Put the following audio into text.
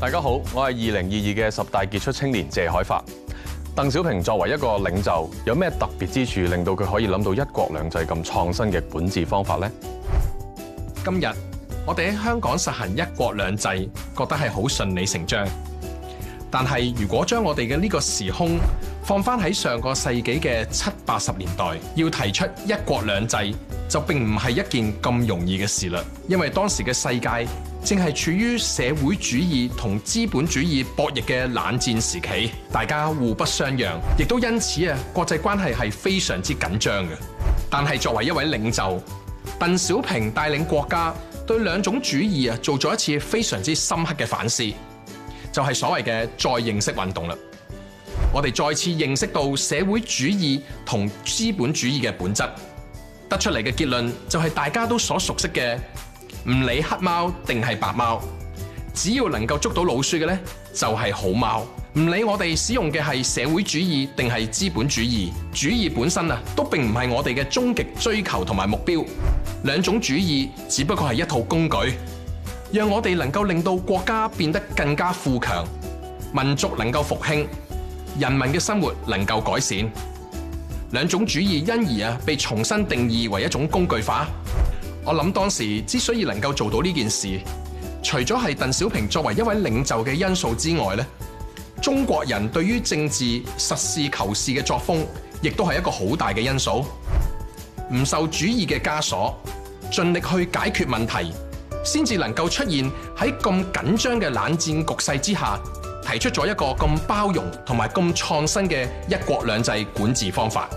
大家好，我是二零二二嘅十大傑出青年謝海發。鄧小平作為一個領袖，有咩特別之處令到佢可以諗到一國兩制咁創新嘅管治方法呢？今日我哋喺香港實行一國兩制，覺得係好順理成章。但係如果將我哋嘅呢個時空放翻喺上個世紀嘅七八十年代，要提出一國兩制，就並唔係一件咁容易嘅事啦。因為當時嘅世界，正係處於社會主義同資本主義博弈嘅冷戰時期，大家互不相讓，亦都因此啊，國際關係係非常之緊張嘅。但係作為一位領袖，鄧小平帶領國家對兩種主義啊做咗一次非常之深刻嘅反思，就係所謂嘅再認識運動啦。我哋再次認識到社會主義同資本主義嘅本質，得出嚟嘅結論就係大家都所熟悉嘅。唔理黑貓定係白貓，只要能夠捉到老鼠嘅呢，就係好貓。唔理我哋使用嘅係社會主義定係資本主義，主義本身啊，都並唔係我哋嘅終極追求同埋目標。兩種主義只不過係一套工具，讓我哋能夠令到國家變得更加富強，民族能夠復興，人民嘅生活能夠改善。兩種主義因而啊被重新定義為一種工具化。我諗當時之所以能夠做到呢件事，除咗係鄧小平作為一位領袖嘅因素之外咧，中國人對於政治實事求是嘅作風，亦都係一個好大嘅因素。唔受主義嘅枷鎖，盡力去解決問題，先至能夠出現喺咁緊張嘅冷戰局勢之下，提出咗一個咁包容同埋咁創新嘅一國兩制管治方法。